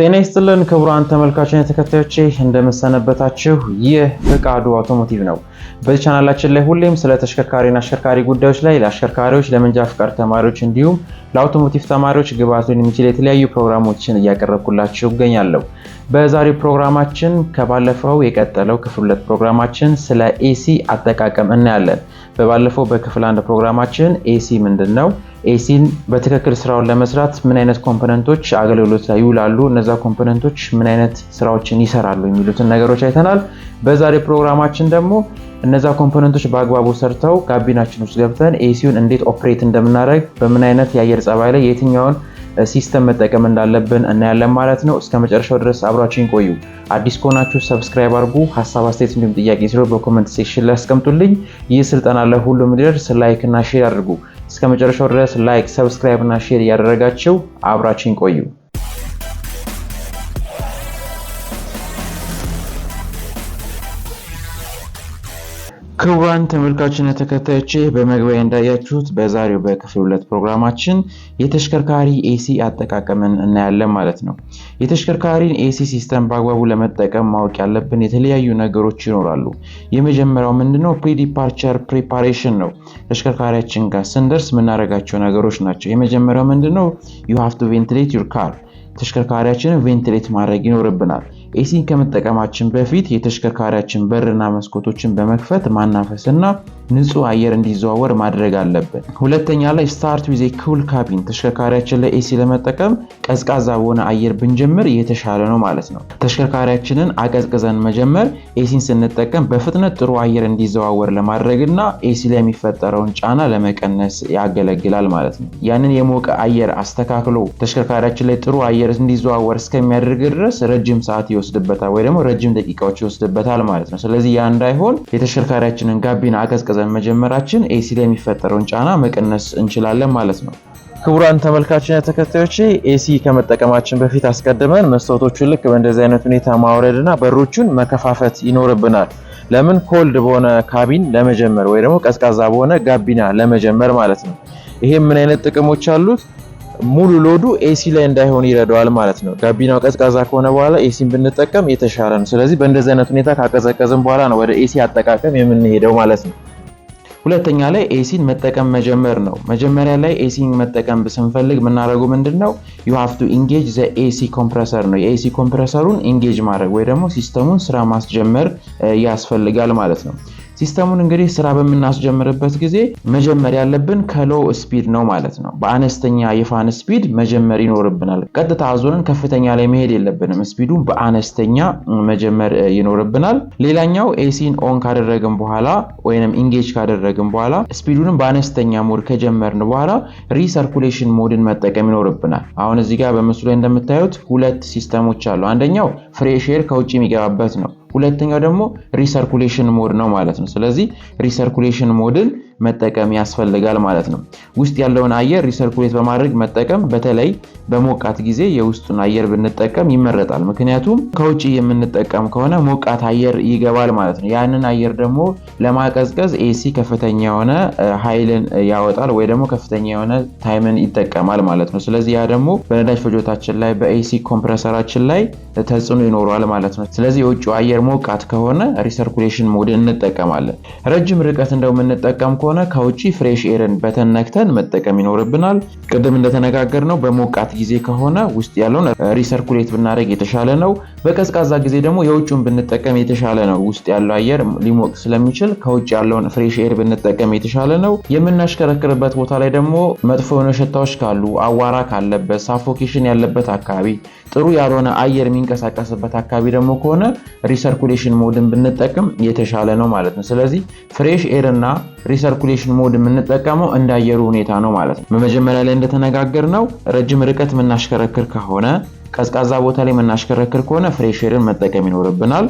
ጤና ይስጥልን ክቡራን ተመልካችን ተከታዮቼ እንደምሰነበታችሁ። ይህ ፍቃዱ አውቶሞቲቭ ነው። በዚህ ቻናላችን ላይ ሁሌም ስለ ተሽከርካሪና አሽከርካሪ ጉዳዮች ላይ ለአሽከርካሪዎች፣ ለመንጃ ፍቃድ ተማሪዎች እንዲሁም ለአውቶሞቲቭ ተማሪዎች ግብዓት የሚችል የተለያዩ ፕሮግራሞችን እያቀረብኩላችሁ እገኛለሁ። በዛሬው ፕሮግራማችን ከባለፈው የቀጠለው ክፍል ሁለት ፕሮግራማችን ስለ ኤሲ አጠቃቀም እናያለን። በባለፈው በክፍል አንድ ፕሮግራማችን ኤሲ ምንድን ነው ኤሲን በትክክል ስራውን ለመስራት ምን አይነት ኮምፖነንቶች አገልግሎት ላይ ይውላሉ፣ እነዛ ኮምፖነንቶች ምን አይነት ስራዎችን ይሰራሉ የሚሉትን ነገሮች አይተናል። በዛሬ ፕሮግራማችን ደግሞ እነዛ ኮምፖነንቶች በአግባቡ ሰርተው ጋቢናችን ውስጥ ገብተን ኤሲውን እንዴት ኦፕሬት እንደምናደርግ፣ በምን አይነት የአየር ጸባይ ላይ የትኛውን ሲስተም መጠቀም እንዳለብን እናያለን ማለት ነው። እስከ መጨረሻው ድረስ አብራችን ቆዩ። አዲስ ከሆናችሁ ሰብስክራይብ አድርጉ። ሀሳብ አስተያየት፣ እንዲሁም ጥያቄ ሲኖር በኮመንት ሴክሽን ላይ አስቀምጡልኝ። ይህ ስልጠና ለሁሉም እንዲደርስ ላይክ እና ሼር አድርጉ። እስከ መጨረሻው ድረስ ላይክ፣ ሰብስክራይብ እና ሼር እያደረጋችሁ አብራችን ቆዩ። ክቡራን ተመልካችን ተከታዮች በመግቢያ እንዳያችሁት በዛሬው በክፍል ሁለት ፕሮግራማችን የተሽከርካሪ ኤሲ አጠቃቀምን እናያለን ማለት ነው። የተሽከርካሪን ኤሲ ሲስተም በአግባቡ ለመጠቀም ማወቅ ያለብን የተለያዩ ነገሮች ይኖራሉ። የመጀመሪያው ምንድነው? ፕሪዲፓርቸር ፕሪፓሬሽን ነው። ተሽከርካሪያችን ጋር ስንደርስ የምናደርጋቸው ነገሮች ናቸው። የመጀመሪያው ምንድነው? ዩሃፍቱ ቱ ቬንትሌት ዩር ካር ተሽከርካሪያችንን ቬንትሌት ማድረግ ይኖርብናል። ኤሲን ከመጠቀማችን በፊት የተሽከርካሪያችን በርና መስኮቶችን በመክፈት ማናፈስና ንጹህ አየር እንዲዘዋወር ማድረግ አለብን። ሁለተኛ ላይ ስታርት ዊዜ ኩል ካቢን ተሽከርካሪያችን ላይ ኤሲ ለመጠቀም ቀዝቃዛ በሆነ አየር ብንጀምር የተሻለ ነው ማለት ነው። ተሽከርካሪያችንን አቀዝቅዘን መጀመር ኤሲን ስንጠቀም በፍጥነት ጥሩ አየር እንዲዘዋወር ለማድረግና ኤሲ ላይ የሚፈጠረውን ጫና ለመቀነስ ያገለግላል ማለት ነው። ያንን የሞቀ አየር አስተካክሎ ተሽከርካሪያችን ላይ ጥሩ አየር እንዲዘዋወር እስከሚያደርግ ድረስ ረጅም ሰዓት ይወስድበታል ወይ ደግሞ ረጅም ደቂቃዎች ይወስድበታል ማለት ነው። ስለዚህ ያ እንዳይሆን የተሽከርካሪያችንን ጋቢና አቀዝቀዘን መጀመራችን ኤሲ ላይ የሚፈጠረውን ጫና መቀነስ እንችላለን ማለት ነው። ክቡራን ተመልካችን ተከታዮች ኤሲ ከመጠቀማችን በፊት አስቀድመን መስታወቶቹን ልክ በእንደዚህ አይነት ሁኔታ ና በሮቹን መከፋፈት ይኖርብናል። ለምን ኮልድ በሆነ ካቢን ለመጀመር ወይ ደግሞ ቀዝቃዛ በሆነ ጋቢና ለመጀመር ማለት ነው። ይሄ ምን አይነት ጥቅሞች አሉት? ሙሉ ሎዱ ኤሲ ላይ እንዳይሆን ይረዳዋል ማለት ነው። ጋቢናው ቀዝቃዛ ከሆነ በኋላ ኤሲን ብንጠቀም የተሻለ ነው። ስለዚህ በእንደዚህ አይነት ሁኔታ ካቀዘቀዝን በኋላ ነው ወደ ኤሲ አጠቃቀም የምንሄደው ማለት ነው። ሁለተኛ ላይ ኤሲን መጠቀም መጀመር ነው። መጀመሪያ ላይ ኤሲን መጠቀም ስንፈልግ የምናደርገው ምንድን ነው? ዩ ሃቭ ቱ ኢንጌጅ ዘ ኤሲ ኮምፕረሰር ነው። የኤሲ ኮምፕረሰሩን ኢንጌጅ ማድረግ ወይ ደግሞ ሲስተሙን ስራ ማስጀመር ያስፈልጋል ማለት ነው። ሲስተሙን እንግዲህ ስራ በምናስጀምርበት ጊዜ መጀመር ያለብን ከሎ ስፒድ ነው ማለት ነው። በአነስተኛ የፋን ስፒድ መጀመር ይኖርብናል። ቀጥታ አዞንን ከፍተኛ ላይ መሄድ የለብንም። ስፒዱን በአነስተኛ መጀመር ይኖርብናል። ሌላኛው ኤሲን ኦን ካደረግን በኋላ ወይም ኢንጌጅ ካደረግን በኋላ ስፒዱንም በአነስተኛ ሞድ ከጀመርን በኋላ ሪሰርኩሌሽን ሞድን መጠቀም ይኖርብናል። አሁን እዚህ ጋር በምስሉ ላይ እንደምታዩት ሁለት ሲስተሞች አሉ። አንደኛው ፍሬሽ ከውጭ የሚገባበት ነው። ሁለተኛው ደግሞ ሪሰርኩሌሽን ሞድ ነው ማለት ነው። ስለዚህ ሪሰርኩሌሽን ሞድን መጠቀም ያስፈልጋል ማለት ነው። ውስጥ ያለውን አየር ሪሰርኩሌት በማድረግ መጠቀም፣ በተለይ በሞቃት ጊዜ የውስጡን አየር ብንጠቀም ይመረጣል። ምክንያቱም ከውጭ የምንጠቀም ከሆነ ሞቃት አየር ይገባል ማለት ነው። ያንን አየር ደግሞ ለማቀዝቀዝ ኤሲ ከፍተኛ የሆነ ኃይልን ያወጣል ወይ ደግሞ ከፍተኛ የሆነ ታይምን ይጠቀማል ማለት ነው። ስለዚህ ያ ደግሞ በነዳጅ ፍጆታችን ላይ በኤሲ ኮምፕረሰራችን ላይ ተጽዕኖ ይኖረዋል ማለት ነው። ስለዚህ የውጭ አየር ሞቃት ከሆነ ሪሰርኩሌሽን ሞድ እንጠቀማለን። ረጅም ርቀት እንደው የምንጠቀም ከሆነ ከውጭ ፍሬሽ ኤርን በተነክተን መጠቀም ይኖርብናል። ቅድም እንደተነጋገር ነው በሞቃት ጊዜ ከሆነ ውስጥ ያለውን ሪሰርኩሌት ብናደረግ የተሻለ ነው። በቀዝቃዛ ጊዜ ደግሞ የውጭን ብንጠቀም የተሻለ ነው። ውስጥ ያለው አየር ሊሞቅ ስለሚችል ከውጭ ያለውን ፍሬሽ ኤር ብንጠቀም የተሻለ ነው። የምናሽከረክርበት ቦታ ላይ ደግሞ መጥፎ የሆነ ሽታዎች ካሉ፣ አዋራ ካለበት፣ ሳፎኬሽን ያለበት አካባቢ ጥሩ ያልሆነ አየር የሚንቀሳቀስበት አካባቢ ደግሞ ከሆነ ሪሰርኩሌሽን ሞድን ብንጠቅም የተሻለ ነው ማለት ነው። ስለዚህ ፍሬሽ ኤር እና ሪሰርኩሌሽን ሞድ የምንጠቀመው እንዳየሩ ሁኔታ ነው ማለት ነው። በመጀመሪያ ላይ እንደተነጋገር ነው ረጅም ርቀት የምናሽከረክር ከሆነ ቀዝቃዛ ቦታ ላይ የምናሽከረክር ከሆነ ፍሬሽ ኤርን መጠቀም ይኖርብናል።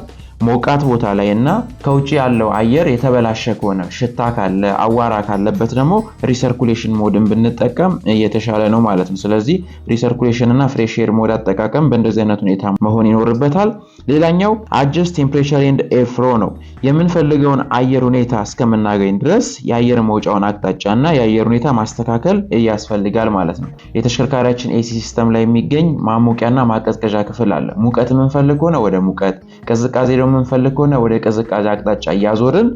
ሞቃት ቦታ ላይ እና ከውጭ ያለው አየር የተበላሸ ከሆነ ሽታ ካለ አዋራ ካለበት ደግሞ ሪሰርኩሌሽን ሞድን ብንጠቀም እየተሻለ ነው ማለት ነው። ስለዚህ ሪሰርኩሌሽን እና ፍሬሽ ኤር ሞድ አጠቃቀም በእንደዚህ አይነት ሁኔታ መሆን ይኖርበታል። ሌላኛው አጀስት ቴምፕሬቸር ኤንድ ኤፍሮ ነው። የምንፈልገውን አየር ሁኔታ እስከምናገኝ ድረስ የአየር መውጫውን አቅጣጫና የአየር ሁኔታ ማስተካከል ያስፈልጋል ማለት ነው። የተሽከርካሪያችን ኤሲ ሲስተም ላይ የሚገኝ ማሞቂያና ማቀዝቀዣ ክፍል አለ። ሙቀት የምንፈልግ ከሆነ ወደ ሙቀት፣ ቅዝቃዜ ደግሞ የምንፈልግ ከሆነ ወደ ቅዝቃዜ አቅጣጫ እያዞርን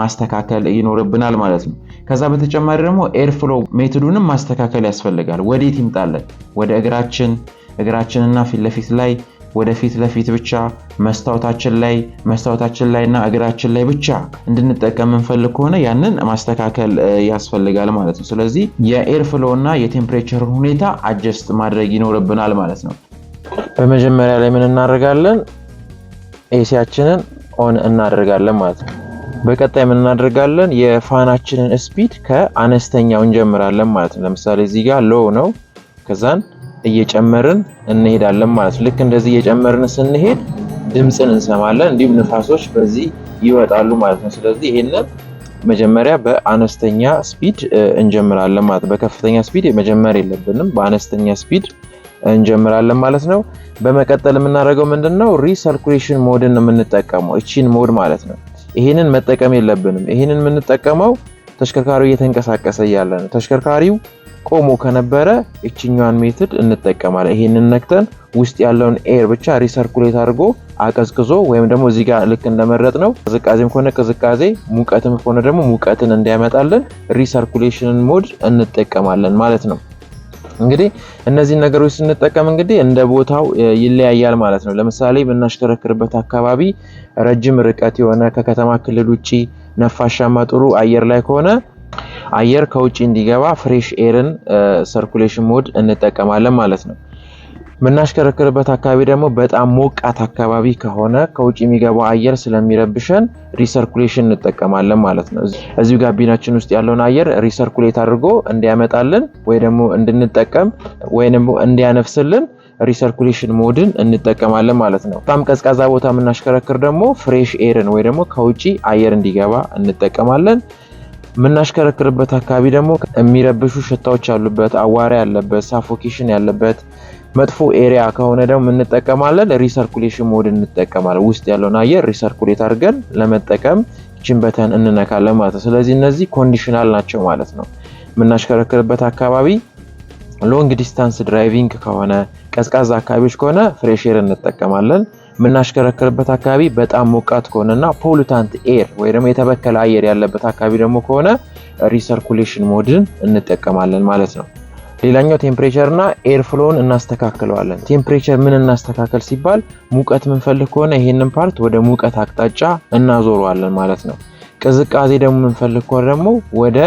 ማስተካከል ይኖርብናል ማለት ነው። ከዛ በተጨማሪ ደግሞ ኤርፍሎ ሜትዱንም ማስተካከል ያስፈልጋል። ወዴት ይምጣለን? ወደ እግራችን እግራችንና ፊት ለፊት ላይ ወደፊት ለፊት ብቻ መስታወታችን ላይ መስታወታችን ላይና እግራችን ላይ ብቻ እንድንጠቀም የምንፈልግ ከሆነ ያንን ማስተካከል ያስፈልጋል ማለት ነው። ስለዚህ የኤር ፍሎ እና የቴምፕሬቸር ሁኔታ አጀስት ማድረግ ይኖርብናል ማለት ነው። በመጀመሪያ ላይ ምን እናደርጋለን? ኤሲያችንን ኦን እናደርጋለን ማለት ነው። በቀጣይ ምን እናደርጋለን? የፋናችንን ስፒድ ከአነስተኛው እንጀምራለን ማለት ነው። ለምሳሌ እዚህ ጋር ሎው ነው ከዛን እየጨመርን እንሄዳለን ማለት ነው። ልክ እንደዚህ እየጨመርን ስንሄድ ድምፅን እንሰማለን፣ እንዲሁም ንፋሶች በዚህ ይወጣሉ ማለት ነው። ስለዚህ ይሄንን መጀመሪያ በአነስተኛ ስፒድ እንጀምራለን ማለት በከፍተኛ ስፒድ መጀመር የለብንም። በአነስተኛ ስፒድ እንጀምራለን ማለት ነው። በመቀጠል የምናደርገው ምንድን ነው? ሪሰርኩሌሽን ሞድን የምንጠቀመው፣ እቺን ሞድ ማለት ነው። ይሄንን መጠቀም የለብንም። ይሄንን የምንጠቀመው ተሽከርካሪው እየተንቀሳቀሰ እያለ ነው። ተሽከርካሪው ቆሞ ከነበረ እችኛዋን ሜትድ እንጠቀማለን። ይሄንን ነክተን ውስጥ ያለውን ኤር ብቻ ሪሰርኩሌት አድርጎ አቀዝቅዞ ወይም ደግሞ እዚህ ጋር ልክ እንደመረጥ ነው ቅዝቃዜም ከሆነ ቅዝቃዜ፣ ሙቀትም ከሆነ ደግሞ ሙቀትን እንዲያመጣልን ሪሰርኩሌሽንን ሞድ እንጠቀማለን ማለት ነው። እንግዲህ እነዚህን ነገሮች ስንጠቀም እንግዲህ እንደ ቦታው ይለያያል ማለት ነው። ለምሳሌ የምናሽከረክርበት አካባቢ ረጅም ርቀት የሆነ ከከተማ ክልል ውጭ ነፋሻማ ጥሩ አየር ላይ ከሆነ አየር ከውጭ እንዲገባ ፍሬሽ ኤርን ሰርኩሌሽን ሞድ እንጠቀማለን ማለት ነው። የምናሽከረክርበት አካባቢ ደግሞ በጣም ሞቃት አካባቢ ከሆነ ከውጭ የሚገባው አየር ስለሚረብሸን ሪሰርኩሌሽን እንጠቀማለን ማለት ነው። እዚሁ ጋቢናችን ውስጥ ያለውን አየር ሪሰርኩሌት አድርጎ እንዲያመጣልን ወይ ደግሞ እንድንጠቀም ወይ ደግሞ እንዲያነፍስልን ሪሰርኩሌሽን ሞድን እንጠቀማለን ማለት ነው። በጣም ቀዝቃዛ ቦታ የምናሽከረክር ደግሞ ፍሬሽ ኤርን ወይ ደግሞ ከውጭ አየር እንዲገባ እንጠቀማለን። የምናሽከረክርበት አካባቢ ደግሞ የሚረብሹ ሽታዎች ያሉበት፣ አዋራ ያለበት፣ ሳፎኬሽን ያለበት መጥፎ ኤሪያ ከሆነ ደግሞ እንጠቀማለን ሪሰርኩሌሽን ሞድ እንጠቀማለን። ውስጥ ያለውን አየር ሪሰርኩሌት አድርገን ለመጠቀም ይችን በተን እንነካለን ማለት ነው። ስለዚህ እነዚህ ኮንዲሽናል ናቸው ማለት ነው። የምናሽከረክርበት አካባቢ ሎንግ ዲስታንስ ድራይቪንግ ከሆነ ቀዝቃዛ አካባቢዎች ከሆነ ፍሬሽ እንጠቀማለን። የምናሽከረክርበት አካባቢ በጣም ሞቃት ከሆነና ፖሉታንት ኤር ወይ ደግሞ የተበከለ አየር ያለበት አካባቢ ደግሞ ከሆነ ሪሰርኩሌሽን ሞድን እንጠቀማለን ማለት ነው። ሌላኛው ቴምፕሬቸር እና ኤር ፍሎውን እናስተካክለዋለን። ቴምፕሬቸር ምን እናስተካከል ሲባል ሙቀት ምንፈልግ ከሆነ ይሄንን ፓርት ወደ ሙቀት አቅጣጫ እናዞረዋለን ማለት ነው። ቅዝቃዜ ደግሞ ምንፈልግ ከሆነ ደግሞ ወደ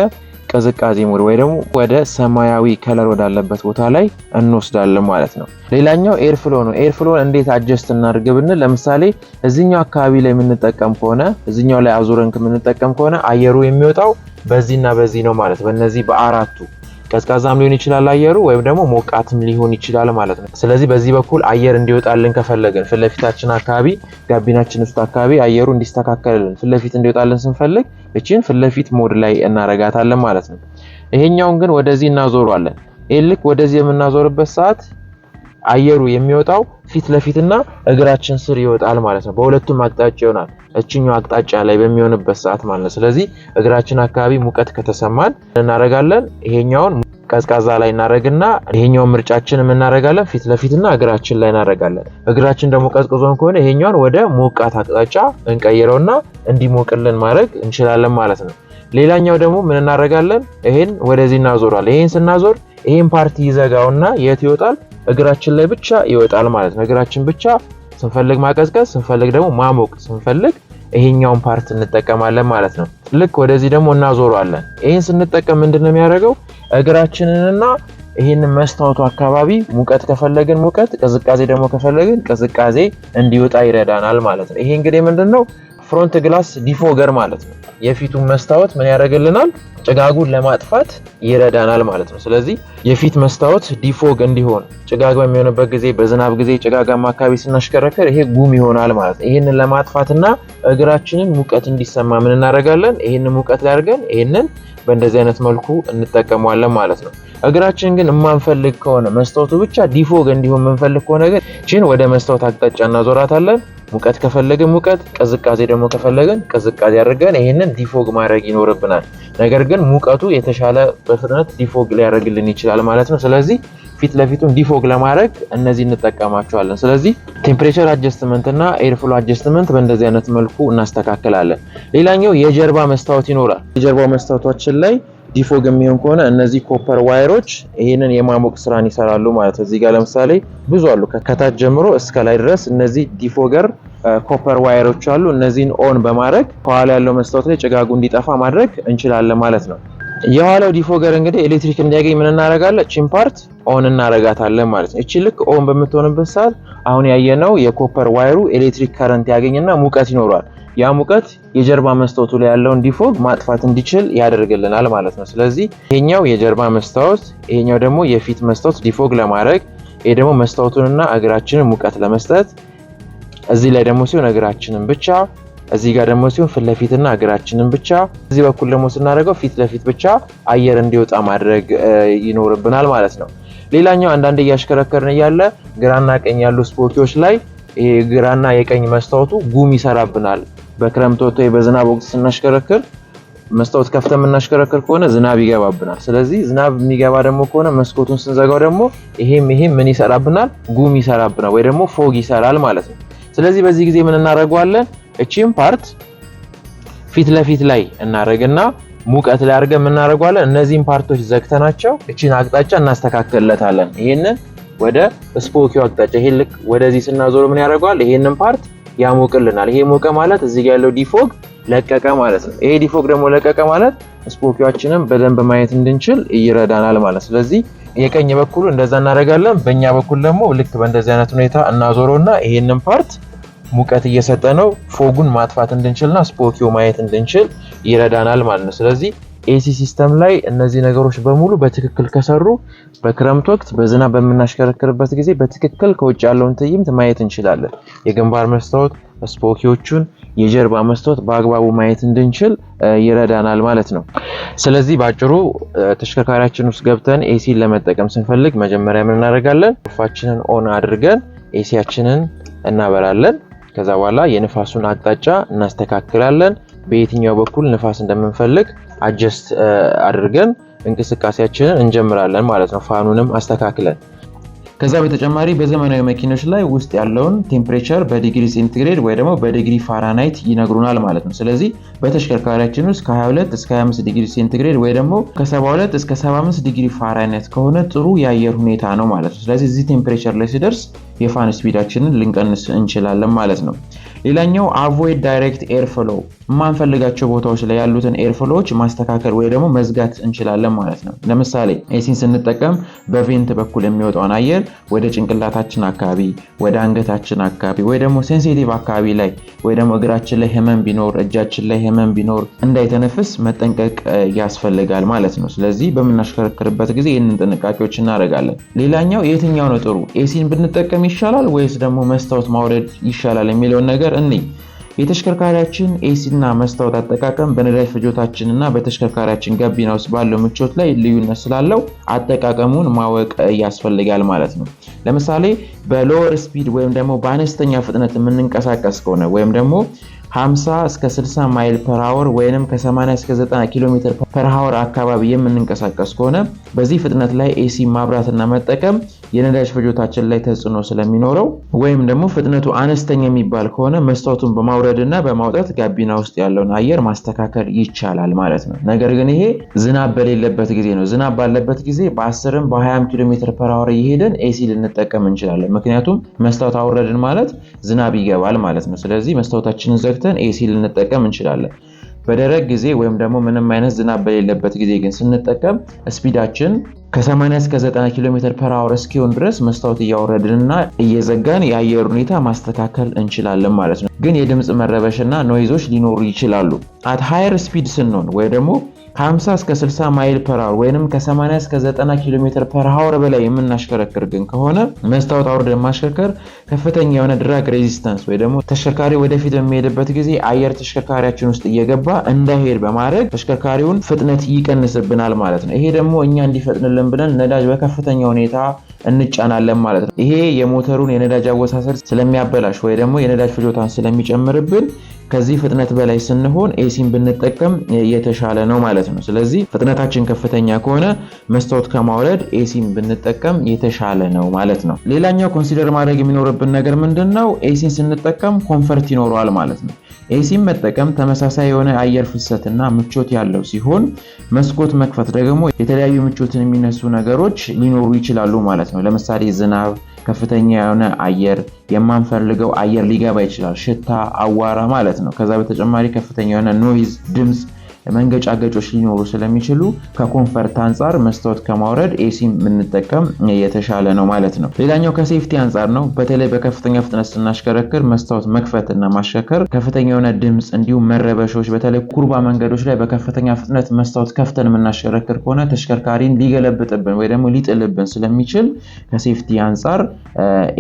ቅዝቃዜ ሞድ ወይ ደግሞ ወደ ሰማያዊ ከለር ወዳለበት ቦታ ላይ እንወስዳለን ማለት ነው። ሌላኛው ኤርፍሎ ነው። ኤርፍሎን እንዴት አጀስት እናድርግ ብንል ለምሳሌ እዚኛው አካባቢ ላይ የምንጠቀም ከሆነ እዚኛው ላይ አዙረን የምንጠቀም ከሆነ አየሩ የሚወጣው በዚህና በዚህ ነው ማለት በእነዚህ በአራቱ ቀዝቃዛም ሊሆን ይችላል አየሩ ወይም ደግሞ ሞቃትም ሊሆን ይችላል ማለት ነው። ስለዚህ በዚህ በኩል አየር እንዲወጣልን ከፈለግን ፊትለፊታችን አካባቢ ጋቢናችን ውስጥ አካባቢ አየሩ እንዲስተካከልልን ፊትለፊት እንዲወጣልን ስንፈልግ እችን ፊት ለፊት ሞድ ላይ እናረጋታለን ማለት ነው። ይሄኛውን ግን ወደዚህ እናዞሯለን። ይሄ ልክ ወደዚህ የምናዞርበት ሰዓት አየሩ የሚወጣው ፊት ለፊትና እግራችን ስር ይወጣል ማለት ነው። በሁለቱም አቅጣጫ ይሆናል። እችኛው አቅጣጫ ላይ በሚሆንበት ሰዓት ማለት ነው። ስለዚህ እግራችን አካባቢ ሙቀት ከተሰማን እናረጋለን ይሄኛውን ቀዝቃዛ ላይ እናደረግና ይሄኛውን ምርጫችን የምናደረጋለን ፊት ለፊትና እግራችን ላይ እናደረጋለን። እግራችን ደግሞ ቀዝቅዞን ከሆነ ይሄኛውን ወደ ሞቃት አቅጣጫ እንቀይረውና እንዲሞቅልን ማድረግ እንችላለን ማለት ነው። ሌላኛው ደግሞ ምን እናደረጋለን? ይሄን ወደዚህ እናዞራል። ይሄን ስናዞር ይሄን ፓርቲ ይዘጋውና የት ይወጣል? እግራችን ላይ ብቻ ይወጣል ማለት ነው። እግራችን ብቻ ስንፈልግ ማቀዝቀዝ፣ ስንፈልግ ደግሞ ማሞቅ፣ ስንፈልግ ይሄኛውን ፓርት እንጠቀማለን ማለት ነው። ልክ ወደዚህ ደግሞ እናዞረዋለን። ይህን ስንጠቀም ምንድን ነው የሚያደርገው? እግራችንንና ይህን መስታወቱ አካባቢ ሙቀት ከፈለግን ሙቀት፣ ቅዝቃዜ ደግሞ ከፈለግን ቅዝቃዜ እንዲወጣ ይረዳናል ማለት ነው። ይሄ እንግዲህ ምንድን ነው ፍሮንት ግላስ ዲፎገር ማለት ነው። የፊቱን መስታወት ምን ያደርግልናል? ጭጋጉን ለማጥፋት ይረዳናል ማለት ነው። ስለዚህ የፊት መስታወት ዲፎግ እንዲሆን ጭጋግ በሚሆንበት ጊዜ፣ በዝናብ ጊዜ ጭጋጋማ አካባቢ ስናሽከረከር ይሄ ጉም ይሆናል ማለት ነው። ይህንን ለማጥፋትና እግራችንን ሙቀት እንዲሰማ ምን እናደርጋለን? ይህንን ሙቀት ላይ ይህንን በእንደዚህ አይነት መልኩ እንጠቀመዋለን ማለት ነው። እግራችን ግን የማንፈልግ ከሆነ መስታወቱ ብቻ ዲፎግ እንዲሆን የምንፈልግ ከሆነ ግን ችን ወደ መስታወት አቅጣጫ እናዞራታለን። ሙቀት ከፈለግን ሙቀት፣ ቅዝቃዜ ደግሞ ከፈለግን ቅዝቃዜ አድርገን ይህንን ዲፎግ ማድረግ ይኖርብናል። ነገር ግን ሙቀቱ የተሻለ በፍጥነት ዲፎግ ሊያደርግልን ይችላል ማለት ነው። ስለዚህ ፊት ለፊቱን ዲፎግ ለማድረግ እነዚህ እንጠቀማቸዋለን። ስለዚህ ቴምፕሬቸር አጀስትመንት እና ኤርፍሎ አጀስትመንት በእንደዚህ አይነት መልኩ እናስተካክላለን። ሌላኛው የጀርባ መስታወት ይኖራል። የጀርባ መስታወቶችን ላይ ዲፎግ የሚሆን ከሆነ እነዚህ ኮፐር ዋይሮች ይህንን የማሞቅ ስራን ይሰራሉ ማለት ነው። እዚህ ጋር ለምሳሌ ብዙ አሉ፣ ከታች ጀምሮ እስከ ላይ ድረስ እነዚህ ዲፎገር ኮፐር ዋይሮች አሉ። እነዚህን ኦን በማድረግ ከኋላ ያለው መስታወት ላይ ጭጋጉ እንዲጠፋ ማድረግ እንችላለን ማለት ነው። የኋላው ዲፎገር እንግዲህ ኤሌክትሪክ እንዲያገኝ ምን እናደርጋለን? ቺን ፓርት ኦን እናረጋታለን ማለት ነው። እቺ ልክ ኦን በምትሆንበት ሰዓት አሁን ያየነው የኮፐር ዋይሩ ኤሌክትሪክ ከረንት ያገኝና ሙቀት ይኖረዋል። ያ ሙቀት የጀርባ መስታወቱ ላይ ያለውን ዲፎግ ማጥፋት እንዲችል ያደርግልናል ማለት ነው። ስለዚህ ይሄኛው የጀርባ መስታወት፣ ይሄኛው ደግሞ የፊት መስታወት ዲፎግ ለማድረግ ይሄ ደግሞ መስታወቱንና እግራችንን ሙቀት ለመስጠት እዚህ ላይ ደግሞ ሲሆን እግራችንን ብቻ እዚህ ጋር ደግሞ ሲሆን ፊት ለፊትና እግራችንን ብቻ እዚህ በኩል ደግሞ ስናደርገው ፊት ለፊት ብቻ አየር እንዲወጣ ማድረግ ይኖርብናል ማለት ነው። ሌላኛው አንዳንድ እያሽከረከርን እያለ ግራና ቀኝ ያሉ ስፖኪዎች ላይ ግራና የቀኝ መስታወቱ ጉም ይሰራብናል። በክረምት ወጥቶ በዝናብ ወቅት ስናሽከረክር መስታወት ከፍተ የምናሽከረክር ከሆነ ዝናብ ይገባብናል። ስለዚህ ዝናብ የሚገባ ደግሞ ከሆነ መስኮቱን ስንዘጋው ደግሞ ይሄም ይሄም ምን ይሰራብናል? ጉም ይሰራብናል ወይ ደግሞ ፎግ ይሰራል ማለት ነው። ስለዚህ በዚህ ጊዜ ምን እናደርገዋለን? እቺም ፓርት ፊት ለፊት ላይ እናደርግና ሙቀት ላይ አድርገን የምናደርገዋለን። እነዚህን ፓርቶች ዘግተናቸው እቺን አቅጣጫ እናስተካክልለታለን። ይሄንን ወደ ስፖኪው አቅጣጫ ይሄን ልክ ወደዚህ ስናዞር ምን ያደርገዋል? ይሄንን ፓርት ያሞቅልናል። ይሄ ሞቀ ማለት እዚህ ጋር ያለው ዲፎግ ለቀቀ ማለት ነው። ይሄ ዲፎግ ደግሞ ለቀቀ ማለት ስፖኪዋችንን በደንብ ማየት እንድንችል ይረዳናል ማለት ስለዚህ የቀኝ በኩሉ እንደዛ እናደርጋለን። በእኛ በኩል ደግሞ ልክ በእንደዚህ አይነት ሁኔታ እናዞረውና ይሄንን ፓርት ሙቀት እየሰጠ ነው ፎጉን ማጥፋት እንድንችልና ስፖኪው ማየት እንድንችል ይረዳናል ማለት ነው። ስለዚህ ኤሲ ሲስተም ላይ እነዚህ ነገሮች በሙሉ በትክክል ከሰሩ በክረምት ወቅት በዝናብ በምናሽከረክርበት ጊዜ በትክክል ከውጭ ያለውን ትዕይንት ማየት እንችላለን። የግንባር መስታወት፣ ስፖኪዎቹን፣ የጀርባ መስታወት በአግባቡ ማየት እንድንችል ይረዳናል ማለት ነው። ስለዚህ በአጭሩ ተሽከርካሪያችን ውስጥ ገብተን ኤሲን ለመጠቀም ስንፈልግ መጀመሪያ ምን እናደርጋለን? ቁልፋችንን ኦን አድርገን ኤሲያችንን እናበራለን። ከዛ በኋላ የንፋሱን አቅጣጫ እናስተካክላለን። በየትኛው በኩል ንፋስ እንደምንፈልግ አጀስት አድርገን እንቅስቃሴያችንን እንጀምራለን ማለት ነው። ፋኑንም አስተካክለን ከዛ በተጨማሪ በዘመናዊ መኪኖች ላይ ውስጥ ያለውን ቴምፕሬቸር በዲግሪ ሴንቲግሬድ ወይ ደግሞ በዲግሪ ፋራናይት ይነግሩናል ማለት ነው። ስለዚህ በተሽከርካሪያችን ውስጥ ከ22 እስከ 25 ዲግሪ ሴንቲግሬድ ወይ ደግሞ ከ72 እስከ 75 ዲግሪ ፋራናይት ከሆነ ጥሩ የአየር ሁኔታ ነው ማለት ነው። ስለዚህ እዚህ ቴምፕሬቸር ላይ ሲደርስ የፋን ስፒዳችንን ልንቀንስ እንችላለን ማለት ነው። ሌላኛው አቮይድ ዳይሬክት ኤርፍሎ የማንፈልጋቸው ቦታዎች ላይ ያሉትን ኤርፍሎዎች ማስተካከል ወይ ደግሞ መዝጋት እንችላለን ማለት ነው። ለምሳሌ ኤሲን ስንጠቀም በቬንት በኩል የሚወጣውን አየር ወደ ጭንቅላታችን አካባቢ፣ ወደ አንገታችን አካባቢ ወይ ደግሞ ሴንሲቲቭ አካባቢ ላይ ወይ ደግሞ እግራችን ላይ ህመም ቢኖር፣ እጃችን ላይ ህመም ቢኖር እንዳይተነፍስ መጠንቀቅ ያስፈልጋል ማለት ነው። ስለዚህ በምናሽከረክርበት ጊዜ ይህንን ጥንቃቄዎች እናደርጋለን። ሌላኛው የትኛው ነው ጥሩ ኤሲን ብንጠቀም ይሻላል ወይስ ደግሞ መስታወት ማውረድ ይሻላል የሚለውን ነገር እኔ? የተሽከርካሪያችን ኤሲና መስታወት አጠቃቀም በነዳጅ ፍጆታችንና በተሽከርካሪያችን ገቢና ውስጥ ባለው ምቾት ላይ ልዩነት ስላለው አጠቃቀሙን ማወቅ ያስፈልጋል ማለት ነው። ለምሳሌ በሎወር ስፒድ ወይም ደግሞ በአነስተኛ ፍጥነት የምንንቀሳቀስ ከሆነ ወይም ደግሞ 50 እስከ 60 ማይል ፐር አወር ወይም ከ80 እስከ 90 ኪሎ ሜትር ፐር አወር አካባቢ የምንንቀሳቀስ ከሆነ በዚህ ፍጥነት ላይ ኤሲ ማብራትና መጠቀም የነዳጅ ፍጆታችን ላይ ተጽዕኖ ስለሚኖረው ወይም ደግሞ ፍጥነቱ አነስተኛ የሚባል ከሆነ መስታወቱን በማውረድ እና በማውጣት ጋቢና ውስጥ ያለውን አየር ማስተካከል ይቻላል ማለት ነው። ነገር ግን ይሄ ዝናብ በሌለበት ጊዜ ነው። ዝናብ ባለበት ጊዜ በ10ም በ20 ኪሎ ሜትር ፐር አወር እየሄደን ኤሲ ልንጠቀም እንችላለን። ምክንያቱም መስታወት አውረድን ማለት ዝናብ ይገባል ማለት ነው። ስለዚህ መስታወታችንን ዘግተን ኤሲ ልንጠቀም እንችላለን። በደረቅ ጊዜ ወይም ደግሞ ምንም አይነት ዝናብ በሌለበት ጊዜ ግን ስንጠቀም ስፒዳችን ከ80 እስከ 90 ኪሎ ሜትር ፐር አወር እስኪሆን ድረስ መስታወት እያወረድንና እየዘጋን የአየር ሁኔታ ማስተካከል እንችላለን ማለት ነው። ግን የድምፅ መረበሽና ኖይዞች ሊኖሩ ይችላሉ። አት ሃየር ስፒድ ስንሆን ወይ ደግሞ ከ50 እስከ 60 ማይል ፐር አወር ወይንም ከ80 እስከ 90 ኪሎ ሜትር ፐር አወር በላይ የምናሽከረክር ግን ከሆነ መስታወት አውርደን ማሽከርከር ከፍተኛ የሆነ ድራግ ሬዚስተንስ ወይ ደግሞ ተሽከርካሪ ወደፊት በሚሄድበት ጊዜ አየር ተሽከርካሪያችን ውስጥ እየገባ እንዳይሄድ በማድረግ ተሽከርካሪውን ፍጥነት ይቀንስብናል ማለት ነው። ይሄ ደግሞ እኛ እንዲፈጥንልን ብለን ነዳጅ በከፍተኛ ሁኔታ እንጫናለን ማለት ነው። ይሄ የሞተሩን የነዳጅ አወሳሰድ ስለሚያበላሽ ወይ ደግሞ የነዳጅ ፍጆታን ስለሚጨምርብን ከዚህ ፍጥነት በላይ ስንሆን ኤሲን ብንጠቀም የተሻለ ነው ማለት ነው። ስለዚህ ፍጥነታችን ከፍተኛ ከሆነ መስታወት ከማውረድ ኤሲን ብንጠቀም የተሻለ ነው ማለት ነው። ሌላኛው ኮንሲደር ማድረግ የሚኖርብን ነገር ምንድን ነው? ኤሲን ስንጠቀም ኮንፈርት ይኖረዋል ማለት ነው። ኤሲን መጠቀም ተመሳሳይ የሆነ አየር ፍሰትና ምቾት ያለው ሲሆን መስኮት መክፈት ደግሞ የተለያዩ ምቾትን የሚነሱ ነገሮች ሊኖሩ ይችላሉ ማለት ነው። ለምሳሌ ዝናብ ከፍተኛ የሆነ አየር የማንፈልገው አየር ሊገባ ይችላል። ሽታ፣ አዋራ ማለት ነው። ከዛ በተጨማሪ ከፍተኛ የሆነ ኖይዝ ድምፅ መንገጫገጮች ሊኖሩ ስለሚችሉ ከኮንፈርት አንጻር መስታወት ከማውረድ ኤሲ የምንጠቀም የተሻለ ነው ማለት ነው። ሌላኛው ከሴፍቲ አንጻር ነው። በተለይ በከፍተኛ ፍጥነት ስናሽከረክር መስታወት መክፈት እና ማሽከርከር ከፍተኛ የሆነ ድምፅ እንዲሁም መረበሾች፣ በተለይ ኩርባ መንገዶች ላይ በከፍተኛ ፍጥነት መስታወት ከፍተን የምናሽከረክር ከሆነ ተሽከርካሪን ሊገለብጥብን ወይ ደግሞ ሊጥልብን ስለሚችል ከሴፍቲ አንጻር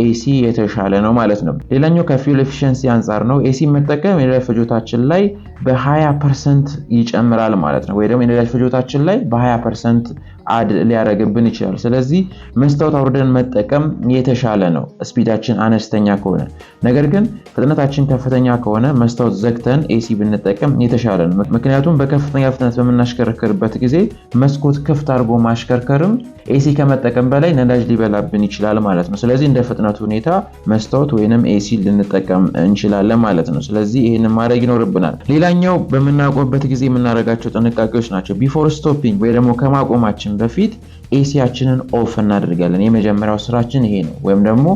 ኤሲ የተሻለ ነው ማለት ነው። ሌላኛው ከፊውል ኤፊሽንሲ አንጻር ነው። ኤሲ መጠቀም የፍጆታችን ላይ በ20 ፐርሰንት ይጨ ይጨምራል ማለት ነው። ወይ ደግሞ የነዳጅ ፍጆታችን ላይ በ20 ፐርሰንት አድ ሊያደርግብን ይችላል። ስለዚህ መስታወት አውርደን መጠቀም የተሻለ ነው፣ ስፒዳችን አነስተኛ ከሆነ። ነገር ግን ፍጥነታችን ከፍተኛ ከሆነ መስታወት ዘግተን ኤሲ ብንጠቀም የተሻለ ነው። ምክንያቱም በከፍተኛ ፍጥነት በምናሽከረከርበት ጊዜ መስኮት ክፍት አድርጎ ማሽከርከርም ኤሲ ከመጠቀም በላይ ነዳጅ ሊበላብን ይችላል ማለት ነው። ስለዚህ እንደ ፍጥነቱ ሁኔታ መስታወት ወይንም ኤሲ ልንጠቀም እንችላለን ማለት ነው። ስለዚህ ይህን ማድረግ ይኖርብናል። ሌላኛው በምናቆምበት ጊዜ የምናደርጋቸው ጥንቃቄዎች ናቸው። ቢፎር ስቶፒንግ ወይ ደግሞ ከማቆማችን በፊት ኤሲያችንን ኦፍ እናደርጋለን። የመጀመሪያው ስራችን ይሄ ነው። ወይም ደግሞ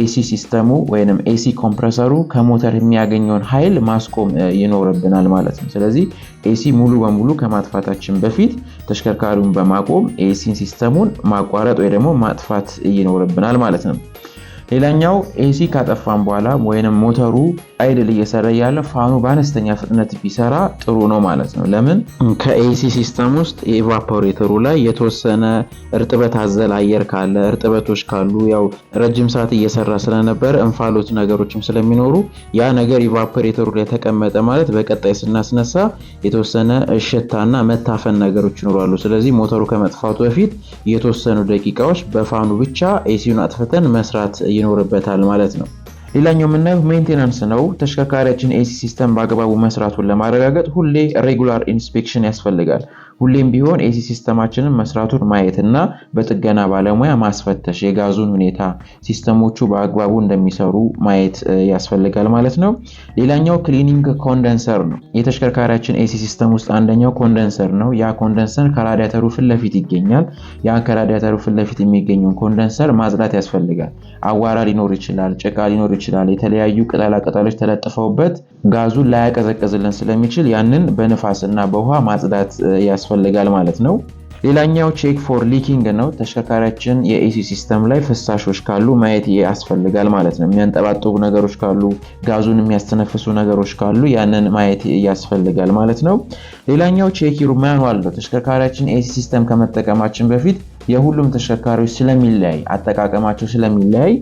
ኤሲ ሲስተሙ ወይም ኤሲ ኮምፕረሰሩ ከሞተር የሚያገኘውን ኃይል ማስቆም ይኖርብናል ማለት ነው። ስለዚህ ኤሲ ሙሉ በሙሉ ከማጥፋታችን በፊት ተሽከርካሪውን በማቆም ኤሲን ሲስተሙን ማቋረጥ ወይ ደግሞ ማጥፋት ይኖርብናል ማለት ነው። ሌላኛው ኤሲ ካጠፋን በኋላ ወይንም ሞተሩ አይድል እየሰራ ያለ ፋኑ በአነስተኛ ፍጥነት ቢሰራ ጥሩ ነው ማለት ነው። ለምን ከኤሲ ሲስተም ውስጥ የኤቫፖሬተሩ ላይ የተወሰነ እርጥበት አዘል አየር ካለ እርጥበቶች ካሉ ያው ረጅም ሰዓት እየሰራ ስለነበር እንፋሎት ነገሮችም ስለሚኖሩ ያ ነገር ኢቫፖሬተሩ ላይ ተቀመጠ ማለት በቀጣይ ስናስነሳ የተወሰነ እሽታና መታፈን ነገሮች ይኖራሉ። ስለዚህ ሞተሩ ከመጥፋቱ በፊት የተወሰኑ ደቂቃዎች በፋኑ ብቻ ኤሲውን አጥፍተን መስራት ይኖርበታል ማለት ነው። ሌላኛው የምናየው ሜንቴናንስ ነው። ተሽከርካሪያችን ኤሲ ሲስተም በአግባቡ መስራቱን ለማረጋገጥ ሁሌ ሬጉላር ኢንስፔክሽን ያስፈልጋል። ሁሌም ቢሆን ኤሲ ሲስተማችንን መስራቱን ማየት እና በጥገና ባለሙያ ማስፈተሽ የጋዙን ሁኔታ ሲስተሞቹ በአግባቡ እንደሚሰሩ ማየት ያስፈልጋል ማለት ነው። ሌላኛው ክሊኒንግ ኮንደንሰር ነው። የተሽከርካሪያችን ኤሲ ሲስተም ውስጥ አንደኛው ኮንደንሰር ነው። ያ ኮንደንሰር ከራዲያተሩ ፊት ለፊት ይገኛል። ያ ከራዲያተሩ ፊት ለፊት የሚገኘውን ኮንደንሰር ማጽዳት ያስፈልጋል። አዋራ ሊኖር ይችላል፣ ጭቃ ሊኖር ይችላል። የተለያዩ ቅጠላ ቅጠሎች ተለጥፈውበት ጋዙን ላያቀዘቅዝልን ስለሚችል ያንን በንፋስ እና በውሃ ማጽዳት ያስፈልጋል። ያስፈልጋል ማለት ነው። ሌላኛው ቼክ ፎር ሊኪንግ ነው። ተሽከርካሪያችን የኤሲ ሲስተም ላይ ፍሳሾች ካሉ ማየት ያስፈልጋል ማለት ነው። የሚያንጠባጥቡ ነገሮች ካሉ፣ ጋዙን የሚያስተነፍሱ ነገሮች ካሉ ያንን ማየት ያስፈልጋል ማለት ነው። ሌላኛው ቼክ ዩር ማኑዋል ነው። ተሽከርካሪያችን ኤሲ ሲስተም ከመጠቀማችን በፊት የሁሉም ተሽከርካሪዎች ስለሚለያይ አጠቃቀማቸው ስለሚለያይ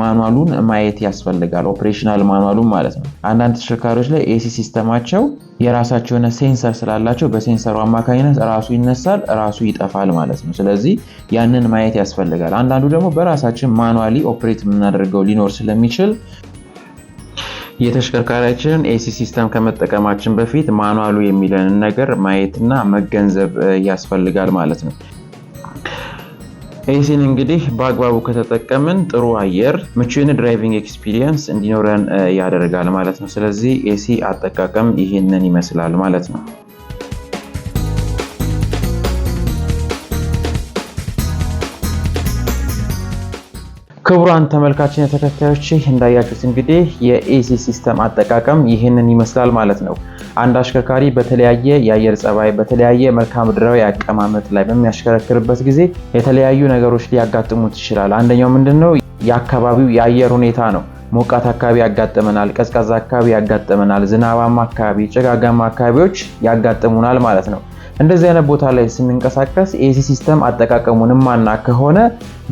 ማኑዋሉን ማየት ያስፈልጋል። ኦፕሬሽናል ማኑዋሉን ማለት ነው። አንዳንድ ተሽከርካሪዎች ላይ ኤሲ ሲስተማቸው የራሳቸው የሆነ ሴንሰር ስላላቸው በሴንሰሩ አማካኝነት ራሱ ይነሳል፣ ራሱ ይጠፋል ማለት ነው። ስለዚህ ያንን ማየት ያስፈልጋል። አንዳንዱ ደግሞ በራሳችን ማኑዋሊ ኦፕሬት የምናደርገው ሊኖር ስለሚችል የተሽከርካሪያችንን ኤሲ ሲስተም ከመጠቀማችን በፊት ማኗሉ የሚለንን ነገር ማየትና መገንዘብ ያስፈልጋል ማለት ነው። ኤሲን እንግዲህ በአግባቡ ከተጠቀምን ጥሩ አየር፣ ምቹን ድራይቪንግ ኤክስፒሪየንስ እንዲኖረን ያደርጋል ማለት ነው። ስለዚህ ኤሲ አጠቃቀም ይህንን ይመስላል ማለት ነው። ክቡራን ተመልካችን ተከታዮች እንዳያችሁት እንግዲህ የኤሲ ሲስተም አጠቃቀም ይህንን ይመስላል ማለት ነው። አንድ አሽከርካሪ በተለያየ የአየር ጸባይ፣ በተለያየ መልክዓ ምድራዊ አቀማመጥ ላይ በሚያሽከረክርበት ጊዜ የተለያዩ ነገሮች ሊያጋጥሙት ይችላል። አንደኛው ምንድን ነው? የአካባቢው የአየር ሁኔታ ነው። ሞቃት አካባቢ ያጋጥመናል፣ ቀዝቃዛ አካባቢ ያጋጥመናል፣ ዝናባማ አካባቢ፣ ጭጋጋማ አካባቢዎች ያጋጥሙናል ማለት ነው። እንደዚህ አይነት ቦታ ላይ ስንንቀሳቀስ ኤሲ ሲስተም አጠቃቀሙን ማና ከሆነ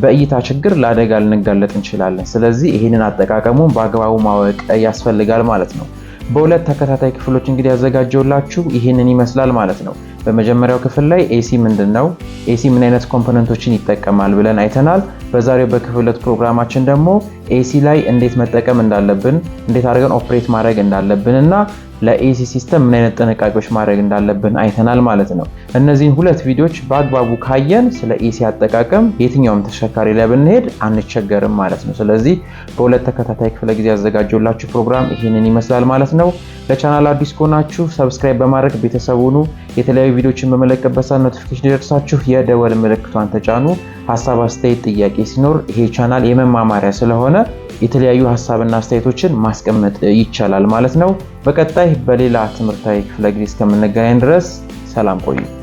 በእይታ ችግር ለአደጋ ልንጋለጥ እንችላለን። ስለዚህ ይህንን አጠቃቀሙን በአግባቡ ማወቅ ያስፈልጋል ማለት ነው። በሁለት ተከታታይ ክፍሎች እንግዲህ ያዘጋጀውላችሁ ይህንን ይመስላል ማለት ነው። በመጀመሪያው ክፍል ላይ ኤሲ ምንድን ነው፣ ኤሲ ምን አይነት ኮምፖነንቶችን ይጠቀማል ብለን አይተናል። በዛሬው በክፍል ሁለት ፕሮግራማችን ደግሞ ኤሲ ላይ እንዴት መጠቀም እንዳለብን፣ እንዴት አድርገን ኦፕሬት ማድረግ እንዳለብን እና ለኤሲ ሲስተም ምን አይነት ጥንቃቄዎች ማድረግ እንዳለብን አይተናል ማለት ነው። እነዚህን ሁለት ቪዲዮዎች በአግባቡ ካየን ስለ ኤሲ አጠቃቀም የትኛውም ተሽከርካሪ ላይ ብንሄድ አንቸገርም ማለት ነው። ስለዚህ በሁለት ተከታታይ ክፍለ ጊዜ ያዘጋጀላችሁ ፕሮግራም ይህንን ይመስላል ማለት ነው። ለቻናል አዲስ ከሆናችሁ ሰብስክራይብ በማድረግ ቤተሰቡኑ የተለያዩ ቪዲዮችን በመለቀበት ሰዓት ኖቲፊኬሽን ሊደርሳችሁ የደወል ምልክቷን ተጫኑ። ሀሳብ፣ አስተያየት፣ ጥያቄ ሲኖር ይሄ ቻናል የመማማሪያ ስለሆነ የተለያዩ ሀሳብና አስተያየቶችን ማስቀመጥ ይቻላል ማለት ነው። በቀጣይ በሌላ ትምህርታዊ ክፍለ ጊዜ እስከምንገናኝ ድረስ ሰላም ቆዩ።